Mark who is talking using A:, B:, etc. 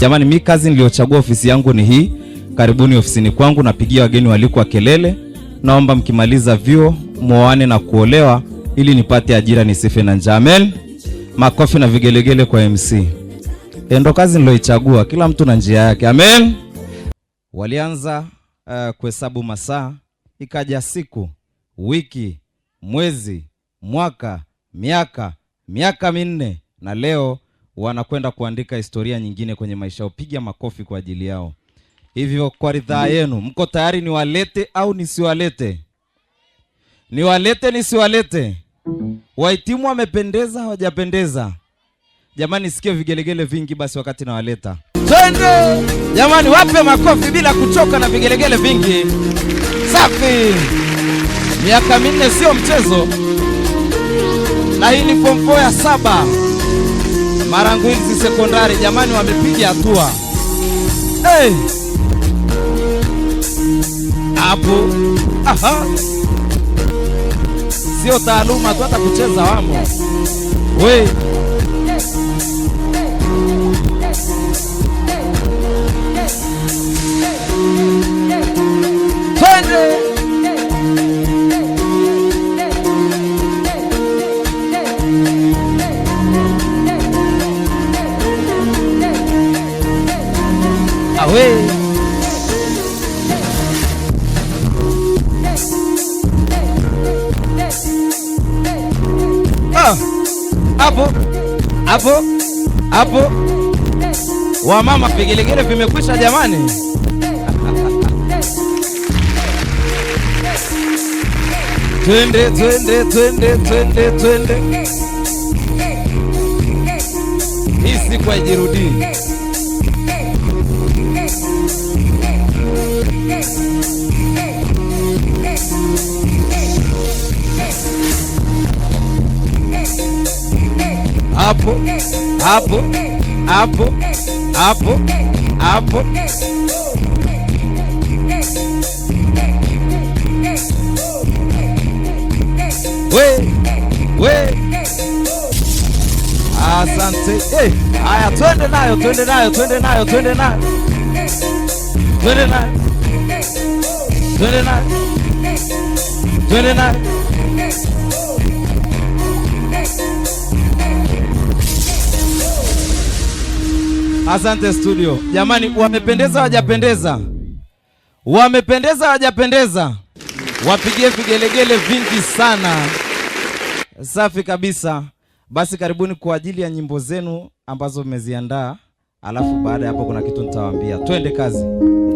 A: Jamani, mi kazi niliyochagua ofisi yangu ni hii. Karibuni ofisini kwangu, napigia wageni walikwa kelele. Naomba mkimaliza vyuo muoane na kuolewa ili nipate ajira nisife na njaa. Amen. Makofi na vigelegele kwa MC. Eh, ndo kazi niloichagua, kila mtu na njia yake. Amen.
B: Walianza uh, kuhesabu masaa, ikaja siku, wiki, mwezi, mwaka, miaka, miaka minne na leo wanakwenda kuandika historia nyingine kwenye maisha yao. Piga makofi kwa ajili yao. Hivyo kwa ridhaa yenu, mko tayari niwalete au nisiwalete? Niwalete nisiwalete? Wahitimu wamependeza, hawajapendeza? Jamani, sikie vigelegele vingi basi wakati nawaleta. Twende jamani, wape makofi bila kuchoka na vigelegele vingi. Safi, miaka minne sio mchezo, na hii ni pompo ya saba hizi sekondari jamani, wamepiga hatua hapo hey. Sio taaluma tu, hata kucheza wamo hey. we ah, hapo hapo hapo, wamama, vigelegele vimekwisha jamani. Twende twende twende twende twende, hii siku haijirudii. hapo hapo hapo hapo hapo we we Asante. Hey, eh, haya twende nayo, twende nayo, twende nayo, twende nayo. Twende nayo. Twende nayo. Twende nayo. Asante studio. Jamani, wamependeza wajapendeza? Wamependeza wajapendeza? Wapigie vigelegele vingi sana. Safi kabisa. Basi karibuni kwa ajili ya nyimbo zenu ambazo mmeziandaa, alafu baada ya hapo kuna kitu nitawaambia. Twende kazi.